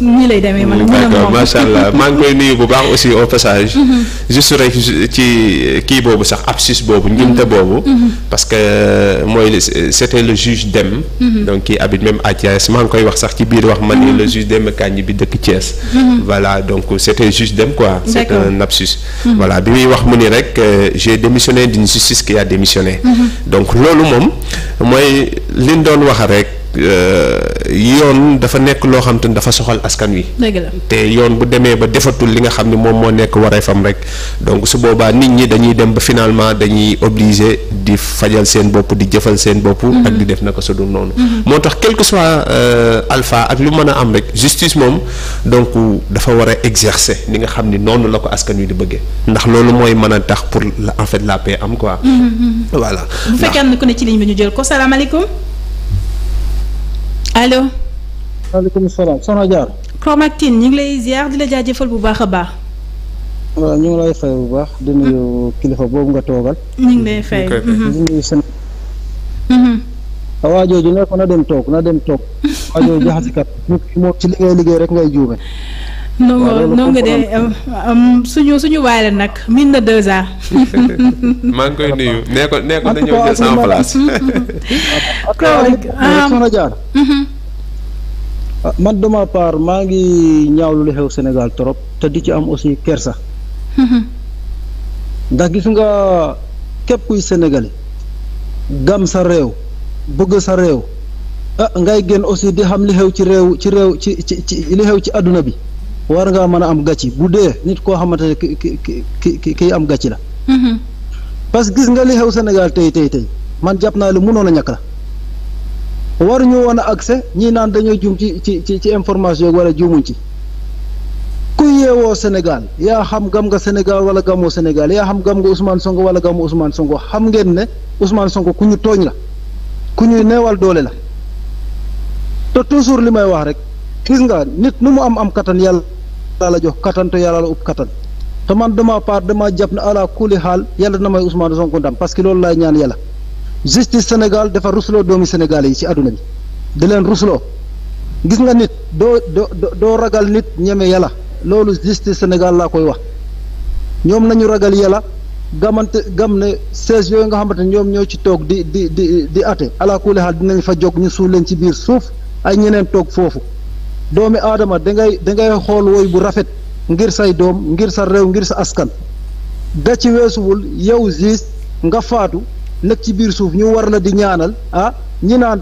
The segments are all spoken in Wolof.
nii allah maa ngi koy nuyu bu baax aussi au passage. Mhm. juste rek ci kii boobu sax abscisse boobu. Mhm. njumte boobu. Mhm. parce que euh, mooy c'était le juge dem donc qui habite même à Thiès maa ngi koy wax sax ci biir wax man ni le juge Deme Kandji bi dëkk Thiès. voilà donc c'était juge dem quoi. c'est un abscisse. voilà bi muy wax mu ni rek euh, j'ai démissionné d'une justice qui a démissionné. donc loolu moom mooy li ñu doon wax rek. Euh, yoon dafa nekk loo xam te dafa soxal askan wi. te yoon bu demee ba defatul li nga xam ne moom moo nekk wareefam rek donc su boobaa nit ñi dañuy dem ba finalement dañuy obligé di fajal seen bopp di jëfal seen bopp. Mhm. ak di def na ko dul noonu. Mhm. moo tax quel que soit euh, alpha ak lu mën a am rek justice moom donc dafa war a exercer ni nga xam ni noonu la ko askan wi di bëggee ndax loolu mooy mën a tax pour en fait la paix am quoi. Mhm, bu fekkee am na ko salaamaaleykum. allo. maaleykum salaam soxna Diar. Cromac Tine ngi lay ziar di la jëfal bu baax a baax. waaw ñu lay fay bu baax di nuyu hmm. kilifa boobu nga toogal. ñu ngi lay fay hmm. di nuyu seen. Hmm. Ah, waa jooju ne ko na dem toog na dem toog. waa jooju jaxasikat moom ci li ngay liggéey rek ngay juume. waaw loolu nga de um, um, suñu suñu waay la nag min na deux maa ngi koy nuyu nee ko nee ko na ñëw jël sama place. ah man de ma maa ngi ñaawlu lu xew Sénégal trop te di ci am aussi kersa. Mhm. ndax gis nga képp kuy sénégalais gam sa réew bëgg sa réew ah ngay génn aussi di xam li xew ci réew ci réew ci ci ci li xew ci àdduna bi war ngaa mën a am gàcci bu dee nit koo xamante ne ki ki ki ki am gàcci la. Mhm. parce que gis nga li xew Sénégal tey tey tey man jàpp naa lu mënoon a ñàkk la. waruñu woon a accès ñi naan dañoo jum ci ci ci ci information yi wala juumuñ ci ku yeewoo Sénégal yaa xam gam nga Sénégal wala gamoo Sénégal yaa xam gam nga Ousmane Sonko wala gamoo Ousmane Sonko xam ngeen ne Ousmane Sonko ku ñu tooñ la ku ñuy neewal doole la te toujours li may wax rek gis nga nit nu mu am am kattan yàlla la jox kattan te man dama part dama jàpp ne ala kulli xaal yàlla na may Ousmane Sonko ndam parce loolu laay ñaan yàlla. justice Sénégal dafa rusloo doomi Sénégal yi ci àdduna bi di leen rusloo gis nga nit doo doo ragal nit ñeme yàlla loolu justice Sénégal laa koy wax ñoom nañu ragal yàlla gamante gam ne seize yooyu nga xamante ñoom ñoo ci toog di di di di ate alaakulli xaal dinañ fa jóg ñu suul leen ci biir suuf ay ñeneen toog foofu doomi aadama dangay dangay xool woy bu rafet ngir say doom ngir sa réew ngir sa askan da ci weesuwul yow gis nga faatu nag ci biir suuf ñu war la di ñaanal ah ñi naan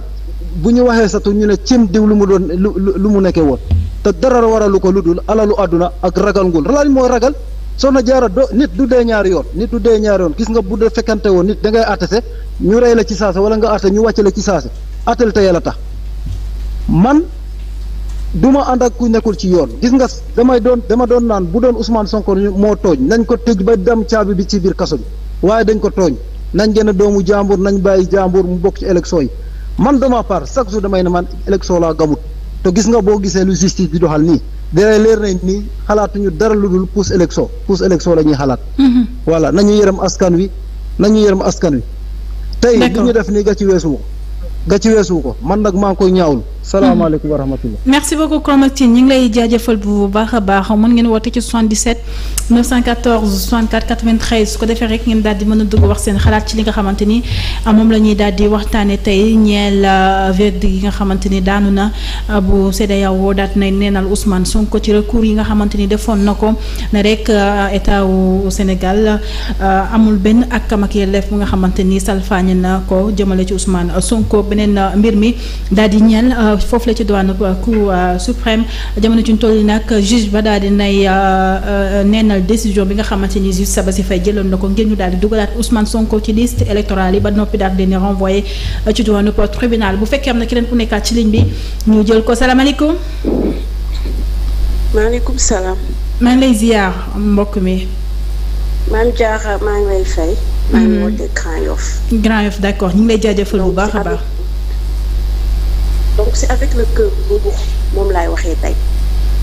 bu ñu waxee satu ñu ne cim diw lu mu doon lu lu mu nekkee woon te dara waralu ko lu dul alalu àdduna ak ragal ngul lan mooy ragal soxna jaara do nit du dee ñaari yoon nit du dee ñaari yoon gis nga bu dee fekkante woon nit da ngay attase ñu rey la ci saase wala nga atte ñu wàcc la ci saase attel te yàlla tax man duma ànd ak ku nekkul ci yoon gis nga damay doon dama doon naan bu doon Ousmane Sonko moo tooñ nañ ko tëj ba dem caabi bi ci biir kaso bi waaye dañ ko tooñ nañ gën a doomu jàmbur nañ bàyyi jàmbur mu bokk ci élection yi man de ma part chaque jour damay ne man élection laa gamut te gis nga boo gisee lu justice bi doxal nii dara leer nañ ni xalaatuñu dara lu dul pousse élection pousse élection la ñuy xalaat. Mhm. voilà nañu yërëm askan wi nañu yërëm askan wi. tey li ñu def nii nga ci weesu ga ci weesu ko man nag maa ngi koy ñaawlu. salaamaaleykum wa hmm. rahmatulah. merci beaucoup Komatin ñi ngi lay jaajëfal bu baax a baax mën ngeen woote ci 77 914 64 93 su ko defee rek ngeen daal di mën a dugg wax seen xalaat ci li nga xamante ni ah, moom la ñuy daal di waxtaanee tey ñeel ah, verdict yi nga xamante ni daanu na ah, bu yaw woo CEDEAO daal di neenal Ousmane ko ci recours yi nga xamante ni defoon na ko ne rek état wu Sénégal amul benn ak kam ak yelleef bu nga xamante ni salfaañe na ko jëmale ci Ousmane Sonko. beneen euh, mbir mi daal di ñeel euh, foofu la ci doon euh, cour suprême jamono ci ñu toll nag juge ba daal di nay neenal décision bi nga xamante ni juge si fay jëloon na ko ngir ñu daal di dugalaat Ousmane Sonko ci liste électorale yi ba noppi daal di leen renvoyé ci doon tribunal bu fekkee am na keneen ku nekkaat ci ligne bi ñu jël ko salaamaaleykum. maaleykum salaam. maa ngi lay ziar mbokk mi. maam maa ngi lay fay. maa ngi hmm. wootee Grand Yoff. Grand ñu ngi lay jaajëfal bu baax a baax. donc c'est avec le cœur boobu moom laay waxee tey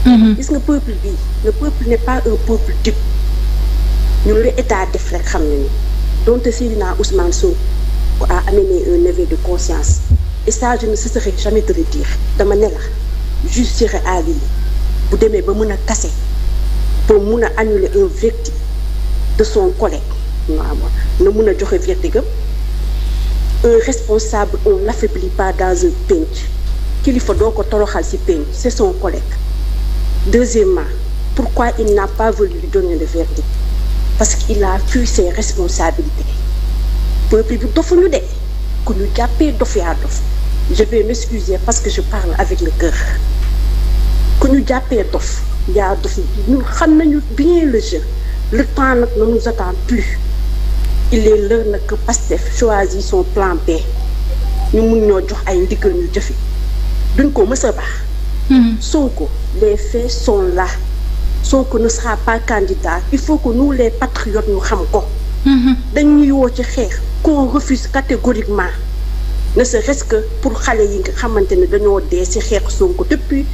mm-hmm. gis nga peuple bi le peuple n'est pas un peuple dupe ñun lu état def rek xam nañu donte Seydina Ousmane Sonko a amené un éveil de conscience et ça je ne cesserai jamais de le dama ne la justice à Lille bu demee ba mën a kase pour mun a annuler un verdict de son collègue am na mun a joxe verdict un responsable on l'affaiblit pas dans un penc kilifa doo ko toroxal ci pénc c'est son collègue deuxièmement pourquoi il n'a pas voulu lui donner le verdict parce qu'il a fui ses responsabilités peuple bu dofuñu de ku ñu jàppee dof yaa dof je vais m'excuser parce que je parle avec le cœur ku ñu jàppee dof yaa dof ñun xam nañu bien le jeu le temps nag ne nous attend plus il est l'heure nag que Pastef choisit son plan B ñu mun ñoo jox ay ndigal ñu jëfe duñ ko mës a baax Sonko les faits sont là Sonko ne sera pas candidat il faut que nous les patriotes ñu xam ko hmm. dañuy yoo ci xeex qu'on refuse catégoriquement ne serait-ce que pour xale yi nga xamante ne dañoo dee ci xeex Sonko depuis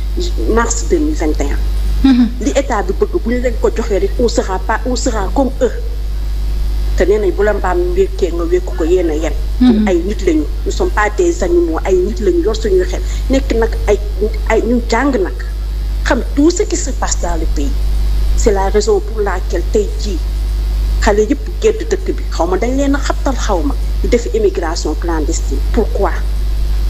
mars 2021 hmm. li état bi bëgg bu ñu leen ko joxee rek on sera pas on comme eux te nee nañ bu la mbaam wékkee nga wékku ko yéen a mhm. ay nit lañu nous sommes pas des animaux ay nit lañu yor suñuy xel nekk nag ay ay ñu jàng nag xam tout ce qui se passe dans le pays c'est la raison pour laquelle tey jii xale yëpp gedd dëkk bi xaw ma dañ leen a xabtal xaw ma ñu def immigration clandestine pourquoi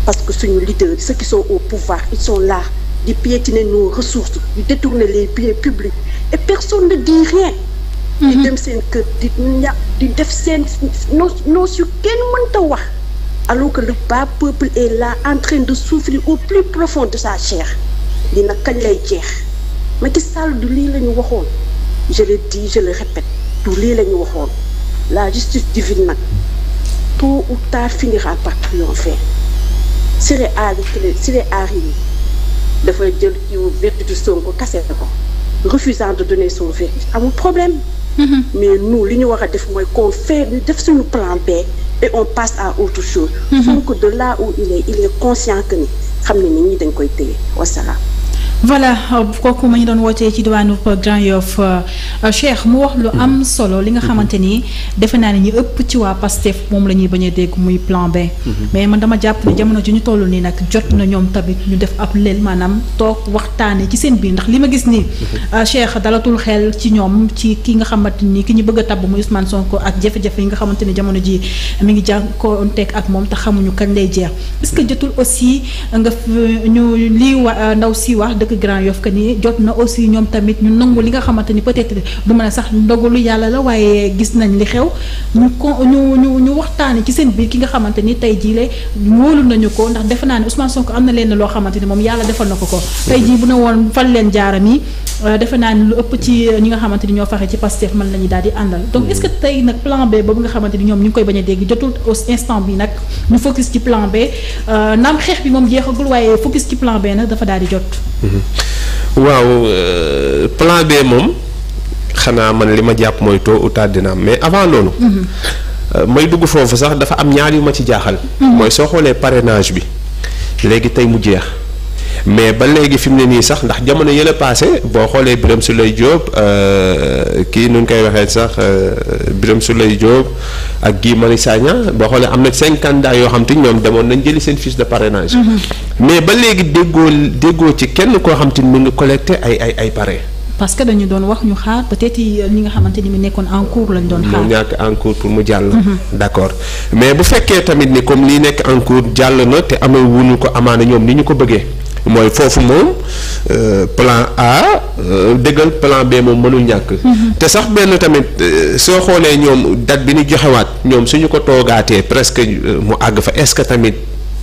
parce que suñu leaders ceux qui sont au pouvoir ils sont là di piétiner nos ressources di détourner les biens publics et personne ne dit di mhm. dem seen kër di ña di def seen non non su kenn mënta wax alors que le bas peuple est là en de souffrir au plus profond de sa chair dina kañ lay jeex Macky Sall du lii la waxoon jële le dis je le répète du lii la waxoon la justice divine nag tôt ou tard finira par triompher Siré Ari Siré Ari yi dafay jël kiiwu verditu Sonko kase ko refusant de donner son amul problème Mm-hmm. mais nous li ñu wax a def mooy qu'on fait def suñu plan B et on passe à autre chose. Mm-hmm. donc de là où il est il est conscient que ni xam ne nit ñi dañ koy téye wasalaam. voilà kooku euh, ma ñu doon wootee ci diwaanu euh, Grand Yoff euh, Cheikh mu wax lu mhm. am solo li nga mhm. xamante ni defe naa ne ñu ëpp ci waa PASTEF moom la ñuy bañ a dégg muy plan B. Mhm. mais man dama jàpp ne jamono ji ñu toll nii nag jot na ñoom tamit ñu def ab leen maanaam toog waxtaanee ci seen biir ndax li ma gis nii. Cheikh dalatul xel ci ñoom ci ki nga xamante ni ki ñu bëgg a tabb muy Ousmane Sonko ak jafe-jafe yi nga xamante ni jamono ji mi ngi jàng jànkoonteeg ak moom te xamuñu kañ lay jeex est wa ndaw si wax dëgg dëkk Grand Yoff que ni jot na aussi ñoom tamit ñu nangu li nga xamante peut-être du mën a sax ndogalu yàlla la waaye gis nañ li xew ñu ko ñu ñu ñu waxtaane ci seen biir ki nga xamante ni tey jii lay wóolu nañu ko ndax defe naa ne Ousmane Sonko am na leen loo xamante ni moom yàlla defal na ko ko mm-hmm. tey jii bu ne woon fal leen jaaram yi Euh, defe naa ni lu ëpp ci euh, ñi nga xamante ni ñoo faxe ci Pastef man la ñuy daal di àndal donc est-ce que mm-hmm. tey nag plan B boobu nga xamante ni ñoom ñu ngi koy bañ a dégg jotul au instant bi nag ñu focus ci plan B euh, naam xeex bi moom jeexagul waaye focus ci plan B nag dafa daal di jot mm-hmm. waaw plan B moom xanaa man li ma jàpp mooy tôt ou tard mais avant loolu mm-hmm. may dugg foofu sax dafa am ñaar yu ma ci jaaxal mooy soo xoolee parenage bi léegi tey mu jeex mais ba léegi fi mu ne nii sax ndax jamono yële paase boo xoolee su lay Diop euh, kii nu ñu koy waxee sax euh, Birame Souleye Diop ak Guy Marius Sagna boo xoolee am na cinq candidats yoo xam te ñoom demoon nañ jëli seen fiche de parrainage. Mm-hmm. mais ba léegi déggoo déggoo ci kenn koo xam te ni mu ngi collecté ay ay ay parrain. parce que dañu doon wax ñu xaar peut-être ñi nga xamante ni mu nekkoon en lañ doon xaar. mu ñàkk en cours pour mu jàll. Mm-hmm. d'accord mais bu fekkee tamit ni comme lii nekk en cours na te amee wuñu ko amaana ñoom ni ñu ko bëggee. mooy foofu moom euh, plan A euh, dëggal plan B moom mënul ñàkk. Mm-hmm. te sax benn tamit euh, soo xoolee ñoom date bi ñu joxewaat ñoom su ñu ko toogaatee presque mu àgg fa est-ce que tamit.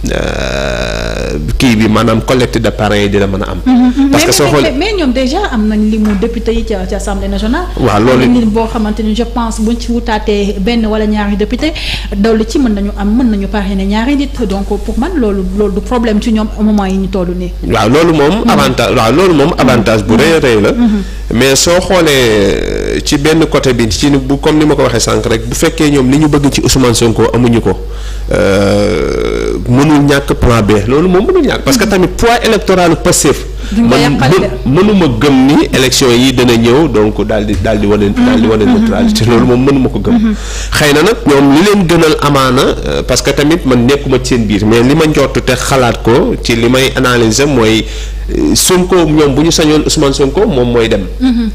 Euh, kii bi maanaam collecte de parrain yi dina mën a am. Mm-hmm, mm-hmm. parce que soo xoolee mais ñoom déjà am nañ li mu député yi ci ci assemblée nationale. waaw loolu boo xamante ni je pense buñ ci wutaatee benn wala ñaari député dolli ci mën nañu am mën nañu parrainer ñaari nit donc pour man loolu loolu du problème ci ñoom moment yi ñu toll nii. waaw loolu moom mm-hmm. avantage waaw loolu moom avantage bu rëy a la. mais soo xoolee euh, ci benn côté bi ci bu comme ni ma ko waxee sànq rek bu fekkee ñoom li ñu bëgg ci Ousmane Sonko amuñu ko euh, mënul ñàkk plan B loolu moom parce que mm-hmm. tamit poids électoral passif man mënuma gëm ni élection yi dana ñëw donc daal di daal di wane mm-hmm. daal di wane mm-hmm. neutralité loolu moom mënuma ko gëm xëy na nag ñoom li leen gënal amaana euh, parce que tamit man nekkuma ci seen biir mais li ma njott te xalaat ko ci li may analyser mooy Sonko ñoom bu ñu sañoon Ousmane Sonko moom mooy dem.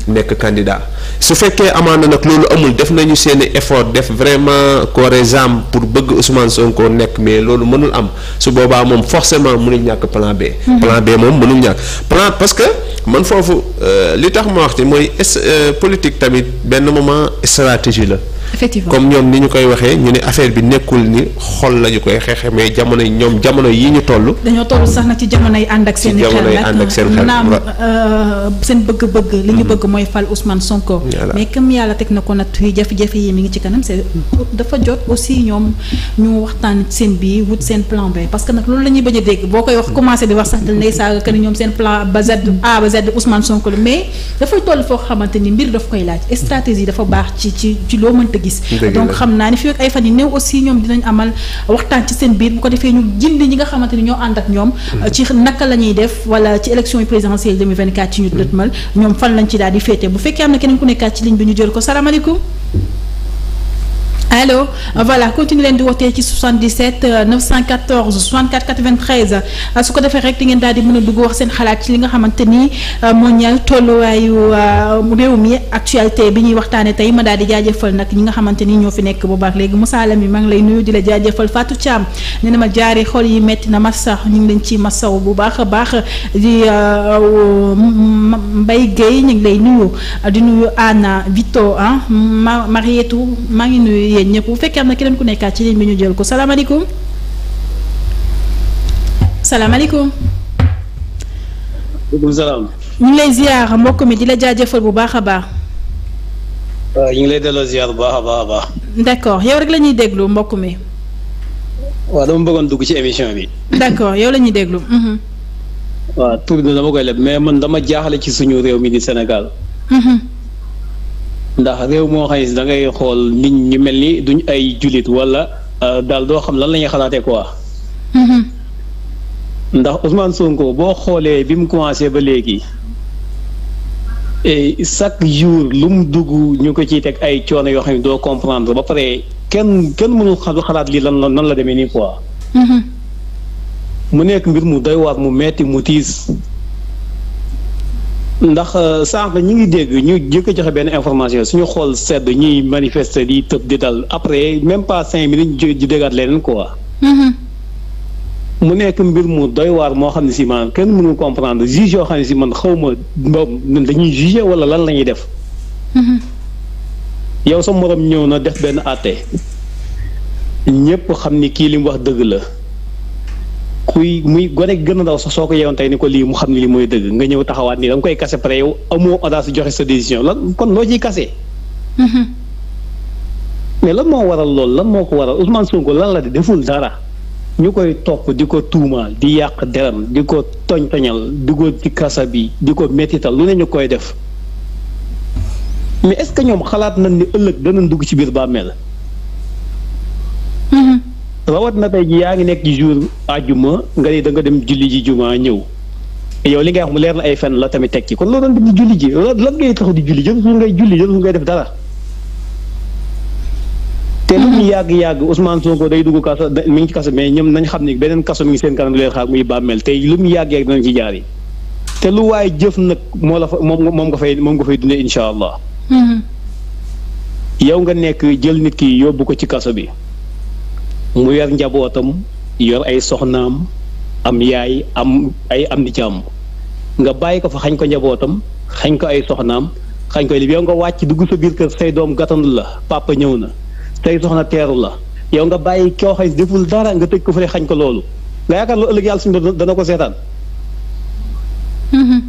nekk candidat su fekkee amaana nag loolu amul def nañu seen effort def vraiment corps et pour bëgg Ousmane Sonko nekk mais loolu mënul am su boobaa moom forcément mënul ñàkk plan B. Mhm. plan B moom mënul ñàkk plan parce que man foofu euh, li tax ma wax ci mooy euh, politique tamit benn moment stratégie la. effectivement comme ñoom ni ñu koy waxee ñu ne affaire bi nekkul ni xol la ñu koy xeexee mais jamono yi ñoom jamono yi ñu toll. dañoo toll sax na ci jamono yi ak seen. jamono euh, bëgg-bëgg. li ñu mm-hmm. bëgg mooy fal Ousmane Sonko. mais comme yàlla teg na ko nag jafe-jafe yi mi ngi ci kanam c'est dafa jot aussi ñoom ñu waxtaan seen bii wut seen plan B parce que nag loolu la ñuy a dégg boo koy wax commencé di wax sax dañ lay saaga que ni ñoom seen plan ba Z A ba Z Ousmane Sonko mais dafay toll foo xamante ni mbir daf koy laaj stratégie dafa baax gis donc xam naa ne fii ak ay fan yi néew aussi ñoom dinañ amal waxtaan ci seen biir bu ko defee ñu gindi ñi nga xamante ni ñoo ànd ak ñoom mm-hmm. ci naka la ñuy def wala ci élection yi présidentielle 2024 ci ñu mm-hmm. dëtmal ñoom fan lañ ci daal di féete bu fekkee am na keneen ku nekkaat ci ligne bi ñu jël ko salaamaaleykum allo voilà continue leen di wootee ci 77 914 64 93 su ko defee rek di ngeen daal di mën a dugg wax seen xalaat ci li nga xamante ni euh, moo ñeel tolluwaayu euh, réew mi actualité bi ñuy waxtaanee tey ma daal di jaajëfal nag ñi nga xamante ni ñoo fi nekk bu baax léegi Moussa Lam mag lay nuyu di la jaajëfal Fatou Thiam ne na ma jaari xol yi metti na massa ñu ngi leen ci massaw bu baax a baax di euh, Mbaye Guèye ñu ngi lay nuyu di nuyu Anna Vito ah ma Marietou maa ngi nuyu ngeen ñëpp bu fekkee am na keneen ku nekkaat ci ligne bi ñu jël ko salaamaaleykum salaamaaleykum. waaleykum salaam. ñu ngi lay ziar mbokk mi di la jaajëfal bu baax a baax. waaw ñu ngi lay delloo ziar bu baax a baax a baax. d'accord yow rek la ñuy déglu mbokk mi. waaw dama bëggoon dugg ci émission bi. d'accord yow lañuy ñuy déglu. Mhm. waaw tur bi dama koy leb mais man dama jaaxale ci suñu réew mi di Sénégal. Mhm. ndax réew moo xam ne da ngay xool nit ñi mel ni duñ ay jullit wala euh, daal doo xam lan la ñuy xalaatee quoi. Mm-hmm. ndax Ousmane Sonko boo xoolee bi mu commencé ba léegi eh, chaque jour lu mu dugg ñu ko ciy teg ay coono yoo xam ne doo comprendre ba pare kenn kenn mënul xalaat lii lan nan la demee nii quoi. Mm-hmm. mu nekk mbir mu doy waar mu metti mu tiis. ndax euh, sànq ñu ngi dégg ñu jëkk joxe benn information suñu xool sedd ñuy manifester di tëb di dal après même pas cinq minutes ñu di déggaat leneen quoi. Mm-hmm. mu nekk mbir mu doy waar moo xam ne si maanaam kenn mënul comprendre juge yoo xam ne si man xaw ma dañuy juger wala lan la ñuy def. Mm-hmm. yow sa moroom ñëw na def benn àtte ñëpp xam ni kii li wax dëgg la. kuy muy gone gën a ndaw sa soo ko yeewoon tey ni ko lii mu xam ne lii mooy dëgg nga ñëw taxawaat nii da koy kase pare yow amoo audace joxe sa décision la kon loo ciy kase. Mm-hmm. mais lan moo waral loolu lan moo ko waral Ousmane Sonko lan la di deful dara ñu koy topp di ko tuumaal di yàq deram di ko toñ-toñal duggal ci kasa bi di ko métital lu ne ñu koy def mais est-ce que ñoom xalaat nañ ni ëllëg danañ dugg ci biir bàmmeel rawat na tey ji yaa ngi nekk ci jour àjjuma nga ne da nga dem julli ji juma ñëw yow li ngay wax mu leer na ay fenn la tamit teg ci kon loolu doon di julli ji lan ngay taxu di julli jël ngay julli jël ngay def dara te lu ñu yàgg-yàgg Ousmane Sonko day dugg kaso mi ngi ci kaso mais ñoom nañ xam ni beneen kaso mi ngi seen kanam leen xaar muy bàmmeel te lu mu yàgg-yàgg danañ ci jaar yi te lu waaye jëf nag moo la fa moom moom nga fay moom nga fay dundee incha allah mm-hmm. nga nekk jël nit ki yóbbu ko ci kaso bi mu yor njabootam yor ay soxnaam am yaay am ay am di jàmm nga bàyyi ko fa xañ ko njabootam xañ ko ay soxnaam xañ ko li yow nga wàcc dugg sa biir kër say doom gàttandu la papa ñëw na say soxna teeru la yow nga bàyyi koo xay deful dara nga tëj ko fële xañ ko loolu nga yaakaar loolu ëllëg yàlla suñu dana ko seetaan mm-hmm.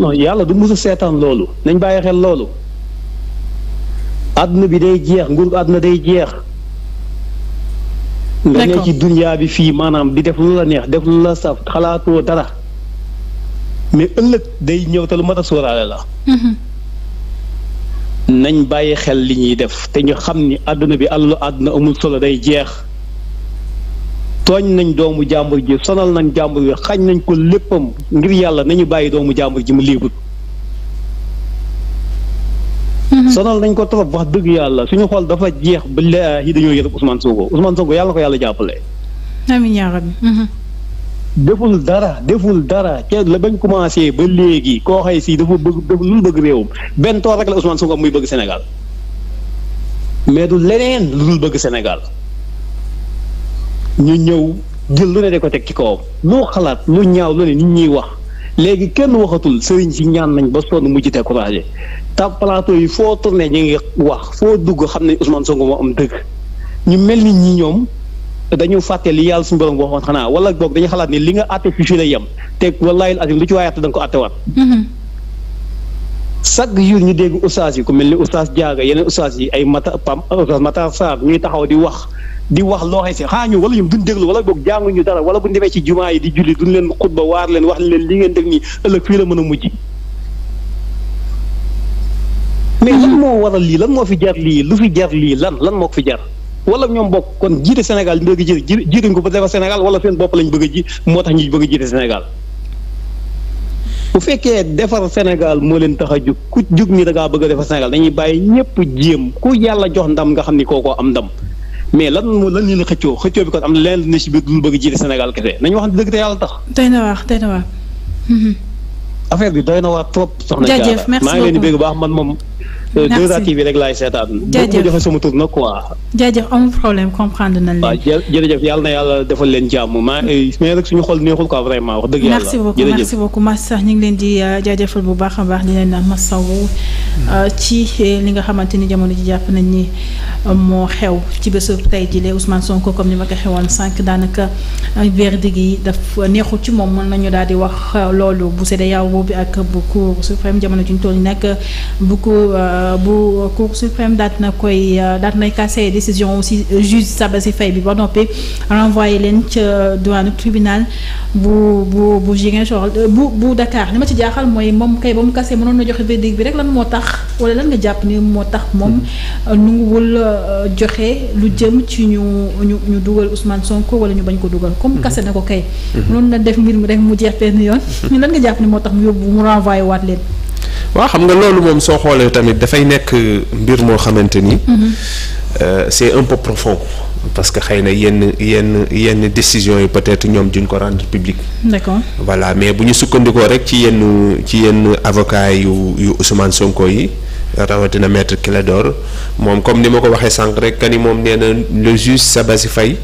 non yàlla du mësu seetaan loolu nañ bàyyi xel loolu àdduna bi day jeex nguur àdduna day jeex nga ne ci dunyaa bi fii maanaam di def lu la neex def lu la saf xalaatoo dara mais ëllëg day ñëw lu mat a sóoraale la mhm. nañ bàyyi xel li ñuy def te ñu xam ni àdduna bi àllalu àdduna amul solo day jeex tooñ nañ doomu jàmbur ji sonal nañ jàmbur bi xañ nañ ko léppam ngir yàlla nañu bàyyi doomu jàmbur ji mu liibut sonal nañ ko trop wax dëgg yàlla su suñu xool dafa jeex ba yi dañoo yërëb Ousmane Sonko Ousmane Sonko yàlla ko yàlla jàppale. amiin yaa rabbi. Mhm. deful dara deful ca la bañ commencé ba léegi koo xay si dafa bëgg dafa lu bëgg réewam benn tool rek la Ousmane Sonko am muy bëgg Sénégal mais du leneen lu dul bëgg Sénégal ñu ñëw jël lu ne de ko teg ci kawam lu xalaat lu ñaaw lu ne nit ñuy wax léegi kenn waxatul sëriñ si ñaan nañ ba sonn mujj découragé ta plateau yi foo tourné ñu ngi wax foo dugg xam ne Ousmane Sonko moo am dëgg ñu mel ni ñi ñoom dañu fàtte li yàlla suñu borom waxoon xanaa wala boog dañu xalaat nii li nga àtte fi fii la yem te wallaahi azim lu da ko àttewaat mm-hmm. chaque ñu dégg ustaas yi ku mel ni ustaas Diaga yeneen ustaas yi ay mata pam ustaas euh, Matar ñuy taxaw di wax di wax loo xay si xaa ñu wala ñun duñ déglu wala boog jànguñu dara wala bu demee ci jumaa yi di julli duñ leen xutba waar leen wax leen li ngeen dégg nii ëllëg fii la mën a mujj moo waral lii lan moo fi jar lii lu fi jar lii lan lan moo ko fi jar wala ñoom bokk kon jiite Sénégal ñu bëgg jiite jiite ko ba defar Sénégal wala seen bopp lañ bëgg a ji moo tax ñu bëgg a jiite Sénégal bu fekkee defar Sénégal moo leen tax a jug ku jug ni da bëgg a defar Sénégal dañuy bàyyi ñëpp jéem ku yàlla jox ndam nga xam ni kookoo am ndam mais lan moo lan leen xëccoo xëccoo bi kon am na leneen ne si biir lu bëgg jiite Sénégal kese nañu wax dëgg te yàlla tax. doy na waar doy na waar. affaire bi doy na waar trop. soxna jaajëf merci maa ngi leen di Euh, merci 2A TV rek laay seetaan. jaajëf joxe sama tur nag quoi. jaajëf amul problème comprendre nañ leen. waaw jërëjëf yàlla na yàlla defal leen jàmm maa eh, mais rek suñu xol neexul quoi vraiment wax dëgg yàlla. jërëjëf merci beaucoup merci beaucoup ñu ngi leen di euh, jaajëfal bu baax a baax di leen masawu euh, eh, li nga xamante ni jamono ji jàpp nañ ni moo xew ci bésu tey jii Ousmane Sonko comme ni ma ko xewoon sànq daanaka verdict yi daf neexul ci moom mën nañu daal di wax loolu bu CEDEAO bi ak bu Cour suprême jamono ji ñu toll nag bu cour suprême daat na koy daat nay casser décision aussi saba si fay bi ba noppi renvoyé leen ca douane tribunal bu bu bu Ziguinchor bu bu dakaar li ma ci jaaxal mooy moom kay ba mu casser mënoon na joxe verdict bi rek lan moo tax wala lan nga jàpp ni moo tax moom nanguwul euh, joxe lu jëm ci ñu ñu ñu dugal Ousmane Sonko wala ñu bañ ko dugal comme casser mhm. na ko kay mhm. mënoon na def mbir mi rek mu jeex benn yoon moo tax mu yóbbu mu renvoyé waat leen waaw xam nga loolu moom soo xoolee tamit dafay nekk mbir moo xamante ni. Mhm. Euh, c'est un peu profond. parce que xëy na yenn yenn yenn décisions yi peut-être ñoom duñ ko rend public. d'accord voilà mais bu ñu sukkandikoo rek ci yenn ci yenn avocats yu yu Ousmane Sonko yi. rawatina maître Clédor moom comme ni ma ko waxee sànq rek que moom nee na le juge Sabasy Faye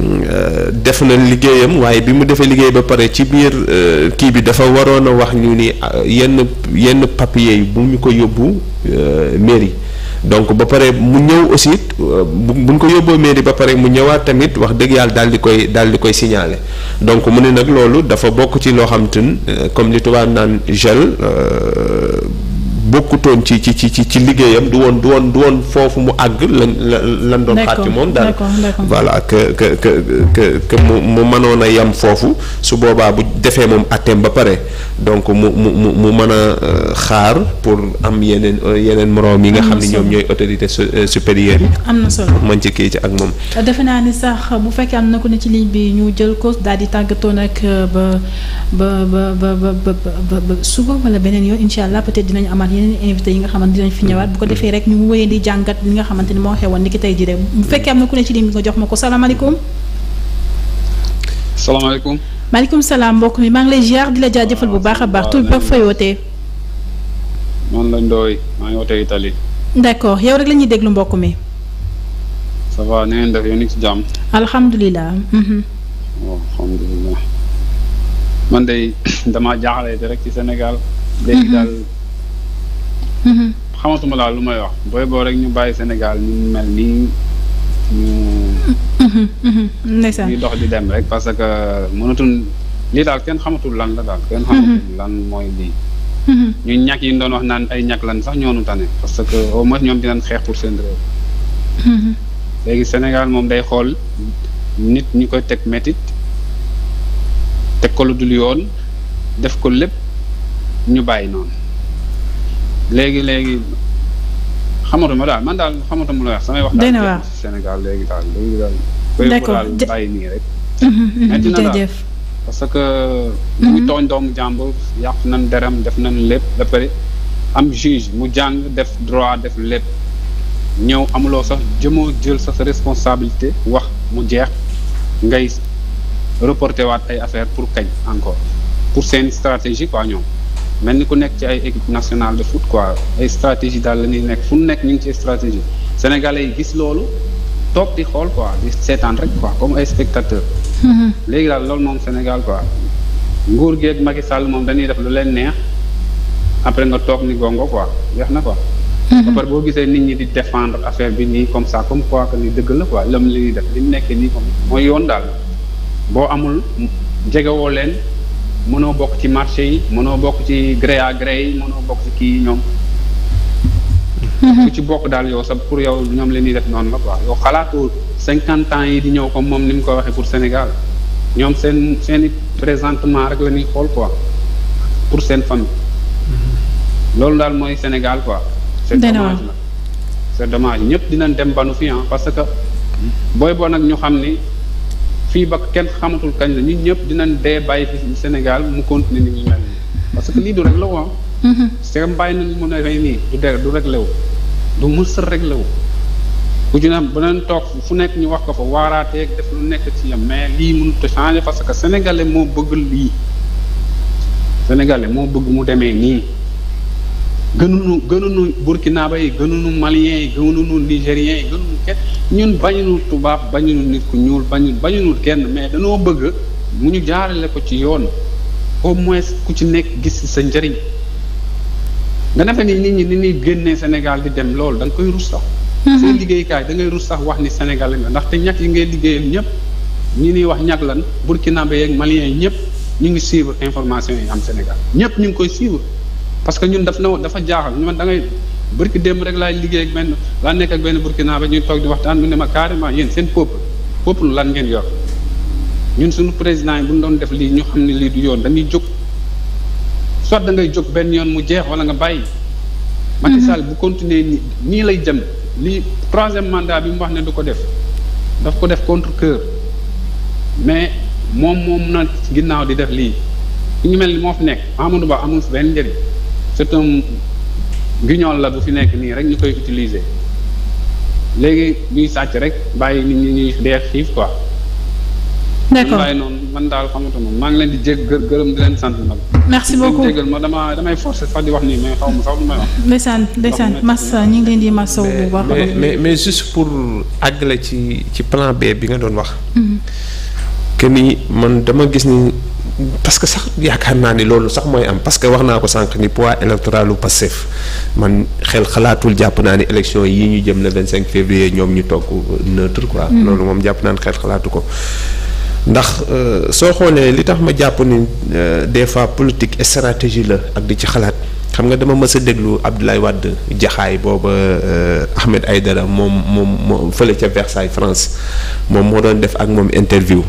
euh, def na liggéeyam waaye bi mu defee liggéey ba pare ci biir euh, kii bi dafa waroon a wax ñu ni euh, yenn yenn papier yi bu ñu ko yóbbu mairie. donc ba pare mu ñëw aussi bu buñ ko yóbboo mairie ba pare mu ñëwaat tamit wax dëgg yàlla daal di koy dal di koy signaler donc mu ne nag loolu dafa bokk ci loo xam te comme li tubaab naan gel bokkutoon ci ci ci ci liggéeyam du woon du woon du woon foofu mu àgg lan lan doon xaar ci moom daal voilà que que que que que mu mu mënoon a yem foofu su boobaa bu defee moom atteem ba pare donc mu mu mu mu mën a euh, xaar pour am yeneen euh, yeneen moroom yi nga xam ne ñoom ñooy autorité euh, supérieure yi am na solo mën ci kii ci ak moom defe naa ni sax bu fekkee am na ko ne ci ligne bi ñu jël ko daal di tàggatoo nag ba ba ba ba ba ba suba wala beneen yoon incha allah peut-être dinañu amaat yeneen invité yi nga xamante dinañ fi ñëwaat bu ko defee rek ñu wéyee di jàngat li nga xamante ni moo xewoon ni ki tey jii rek bu fekkee am na ku ne ci ligne bi jox ma ko salaamaaleykum. salaamaaleykum. maaleykum salaam mbokk mi maa ngi lay ziar di la jaajëfal bu baax a baax. tur bi ak fooy wootee. man la Ndoye maa ngi wootee Italie. d' accord yow rek lañuy déglu mbokk mi. ça va na ngeen def yéen ci jàmm. alhamdulilah. Mhm. Oh, xamatuma daal lu may wax booy boo rek ñu bàyyi Sénégal ñu mel nii ñu. ndeysaan ñu dox di dem rek parce que mënatuñ lii daal kenn xamatul lan la daal. kenn xamatul mhm. lan mooy lii. Mhm. ñu ñàkk yi doon wax naan ay ñàkk lan sax ñoonu tane parce que au moins ñoom dinañ xeex pour seen réew. Mhm. léegi Sénégal moom day xool nit ñi koy teg métit teg ko lu dul yoon def ko lépp ñu bàyyi noonu. léegi léegi xamatuma daal man daal xamatuma la wax samay wax daal ci Sénégal léegi daal léegi daal d'accord bàyyi nii rek maintenant mhm, mhm, daal parce que muy mhm. tooñ doomu jàmbur yàq nañ deram def nañ lépp ba pare am juge mu jàng def droit def lépp ñëw amuloo sax jëmoo jël sa responsabilité wax mu jeex ngay reporté waat ay affaire pour kañ encore pour seen stratégie quoi ñoom mel ni ku nekk ci ay équipe nationale de foot quoi ay stratégie daal la ñuy nekk fu nu nekk ñu ngi ci stratégie sénégalais yi gis loolu toog di xool quoi di rek quoi comme ay spectateur mhm. léegi daal loolu moom Sénégal quoi nguur gi ak Macky Sall moom dañuy def lu leen neex après nga toog ni gongo quoi jeex na quoi mhm. pare boo gisee nit ñi di défendre affaire bi nii comme ça comme quoi que ni dëgg la quoi lam li ñuy def li mu nekkee nii comme mooy yoon daal boo amul jegewoo leen mënoo bokk ci marché yi mënoo bokk ci gré à gré yi mënoo bokk ci kii ñoom. su mhm. ci bokk daal yow sa pour yow ñoom leen di def noonu la ko yow xalaatu cinquante ans yi di ñëw ko moom ni mu ko waxee pour Sénégal ñoom seen seeni présentement rek la ñuy xool quoi pour seen famille. Mhm. loolu daal mooy Sénégal quoi. c'est dommage la c'est dommage ñëpp dinañ dem banu fi ah parce que booy boo nag ñu xam ni. fii ba kenn xamatul kañ la ñun ñëpp dinañ dee bàyyi fi Sénégal mu continuer ni mu mel parce que lii du rek la woon. c'est bàyyi nañ mu ne rey nii du de du réglé wu du mës a réglé wu. bu ñu naan toog fu nekk ñu wax ko fa waaraatee def lu nekk ci yam mais lii mënut a changer parce que sénégalais moo bëgg lii sénégalais moo bëgg mu demee nii. gënuñu gënuñu burkinaba yi gënuñu maliens yi gënuñu nigériens yi gënuñu kenn ñun bañuñu tubaab bañuñu nit ku ñuul bañu bañuñu kenn mais dañoo bëgg mu ñu jaarale ko ci yoon au moins ku ci nekk gis sa njariñ nga defe ni nit ñi ni ñuy génne Sénégal di dem loolu da nga koy rus sax mhm. seen liggéeykaay da ngay rus sax wax ni Sénégal nga ndaxte ñàkk yi ngay liggéeyal ñëpp ñu ñuy wax ñàkk lan burkinabé yeeg maliens yi ñëpp ñu ngi suivre information yi am Sénégal ñëpp ñu ngi koy suivre parce que ñun daf na dafa jaaxal ñu man da ngay burki démb rek laay liggéey ak benn laa nekk ak benn burkina ba ñu toog di waxtaan mu ne ma carrément yéen seen peuple peuple lan ngeen yor ñun suñu président yi bu ñu doon def lii ñu xam ne lii du yoon dañuy jóg da ngay jóg benn yoon mu jeex wala nga bàyyi. Mm-hmm. Macky Sall bu continuer nii nii lay jëm lii troisième mandat bi mu wax ne du ko def daf ko def contre cœur mais moom moom na ginnaaw di def lii ñu mel ni moo fu nekk Amadou Ba amul benn njëriñ. c'est un guignol la bu fi nekk nii rek ñu koy utiliser léegi ñuy sàcc rek bàyyi nit ñu ñuy dee xiif quoi. d'accord waaye noonu man daal xamatuma maa ngi leen di jég gërëm di leen sant nag. merci beaucoup jégal ma dama damay forcer sax wax nii mais xaw ma sax lu may wax. massa ñu ngi leen di massaw bu baax. mais mais mais juste pour àggale ci ci plan B bi nga doon wax. Mm-hmm. que ni man dama gis ni. parce que sax yaakaar naa ni loolu sax mooy am parce que wax naa ko sànq ni pois électoral u Pastef man xel xalaatul jàpp naa ni élection yi ñu jëm le vingt cinq février ñoom ñu togg neutre quoi mm. loolu moom jàpp naa ni xel xalaatu ko ndax euh, soo xoolee li tax ma jàpp ni euh, des fois politique et la ak di ci xalaat xam nga dama mës a déglu Abdoulaye wàdd jaxaay booba euh, Ahmed Aydara moom moom fële ca Versailles France moom moo doon def ak moom interview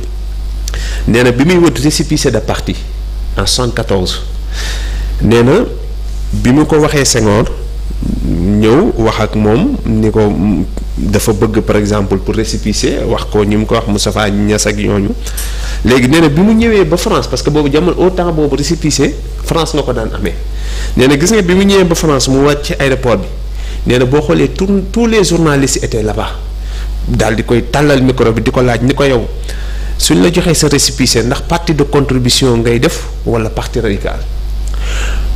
nee na bi muy wët récépissé de parti en 114 nee na bi mu ko waxee Senghor ñëw wax ak moom ni ko dafa bëgg par exemple pour récépissé wax ko ñi mu ko wax mu Moustapha Niass ak ñooñu léegi nee na bi mu ñëwee ba France parce que boobu jamono au temps boobu récépissé France nga ko daan amee nee na gis nga bi mu ñëwee ba France mu wàcc ci aéroport bi nee boo xoolee tous tous les journalistes étaient là-bas daal di koy tàllal micro bi di ko laaj ni ko yow. suñ la joxee sa récépissé ndax parti de contribution ngay def wala parti radical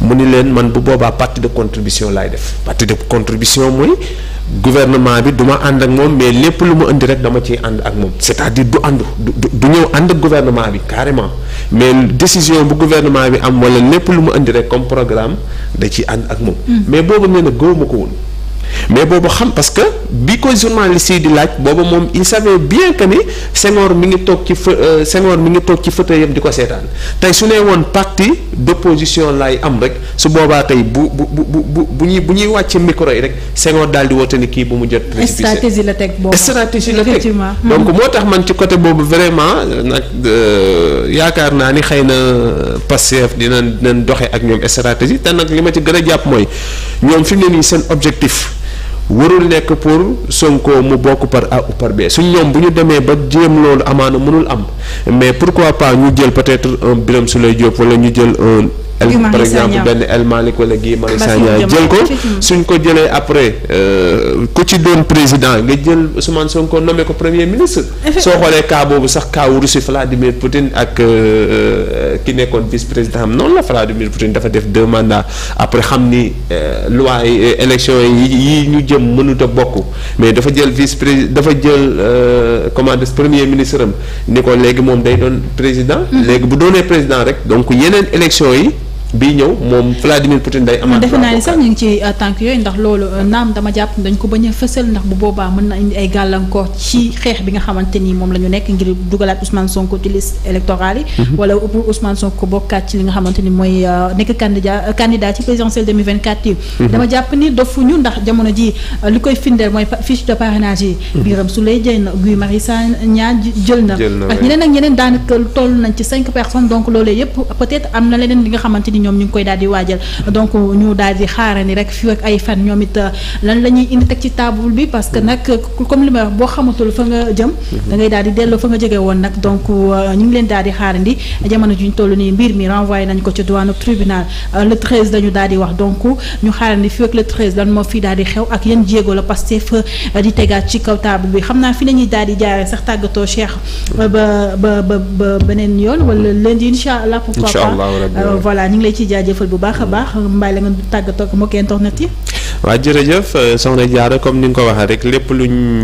mu ni leen man bu boobaa parti de contribution laay def parti de contribution mooy gouvernement bi du ma ànd ak moom mais lépp lu mu indi rek dama ciy ànd ak moom c'est-à-dire du ànd du ñëw ànd ak gouvernement bi carrément mais décision bu gouvernement bi am wala lépp lu mu indi rek comme programme da ci ànd ak moom hmm. mais boobu nee na gëwuma ko woon mais boobu xam parce que bi ko journaliste yi di laaj boobu moom il savait bien que ni Senghor mi ngi toog ci fa euh, Senghor mi ngi toog ci fauteuil yëpp di ko seetaan tey su nee woon parti position lay am rek su boobaa tey bu bu bu bu bu ñuy bu ñuy wàcce micro yi rek Senghor daal di woote ni kii bu mu jot. stratégie la teg boobu stratégie la teg hmm. donc moo tax man ci côté boobu vraiment nag euh, yaakaar naa ni xëy na euh, Pastef dinañ dinañ doxee ak ñoom stratégie te nag li ma ci gën a jàpp mooy ñoom fi mu ne nii seen objectif. warul nekk pour Sonko mu bokk par A ou par B su ñoom bu ñu demee ba jéem loolu amaana mënul am mais pour pourquoi pas ñu jël peut-être un Birame Souleye Diop wala ñu jël un. par exemple benn El Malick wala Guy Marius Sagna jël ko suñ ko jëlee après euh, ku ci doon président nga jël Ousmane Sonko nommé ko premier ministre soo xoolee kaa boobu sax cas wu Russie Vladimir Poutine ak euh, euh, ki nekkoon vice président am noonu la Vladimir Poutine dafa def deux mandats après xam ni loi yi élection yi yi ñu jëm mënut a bokk mais dafa jël vice président dafa jël comment dire premier ministre am ni ko léegi moom day doon président mm-hmm. léegi bu doonee président rek donc yeneen élection yi bii ñëw moom Vladimir Poutine day amaat. defe ci euh, tànk yooyu ndax loolu euh, naam dama jàpp dañ ko bañ a ndax bu boobaa mën na indi ay gàllankoor ci xeex bi nga xamante ni moom la ñu nekk ngir dugalaat Ousmane Sonko ci liste électorale yi. Mhm. wala pour Ousmane Sonko bokkaat ci li nga xamante ni mooy euh, nekk candidat candidat ci présidentielle 2024 yi. Mhm. dama jàpp ni dofuñu ndax jamono ji li koy findeel mooy fiche de parrainage yi. Mhm. Birame Souleye jël na ñoom ñu ngi koy daal di waajal donc ñu daal di xaarani rek fii ak ay fan ñoom it euh, lan la ñuy indi teg ci table bi parce que nag euh, comme li may wax boo xamatul fa nga jëm mhm. da ngay daal di delloo fa nga jóge woon nag donc euh, ñu ngi leen daal di xaarandi jamono ju ñu toll nii mbir mi renvoyé nañ ko ci douane tribunal le 13 dañu daal di wax donc ñu xaarandi fii ak le 13 moo fi daal di xew ak yan jéego la Pastef di tegaat ci kaw table bi xam naa fi la ñuy daal di jaaree sax tàggatoo Cheikh ba ba ba beneen yoon wala lundi incha allah pourquoi pas voilà ngi lay ci jëfal bu baax a baax mbay la nga tàggatoo ak mbokki internet yi. waaw jërëjëf soxna Diarra comme ni nga ko waxee rek lépp luñ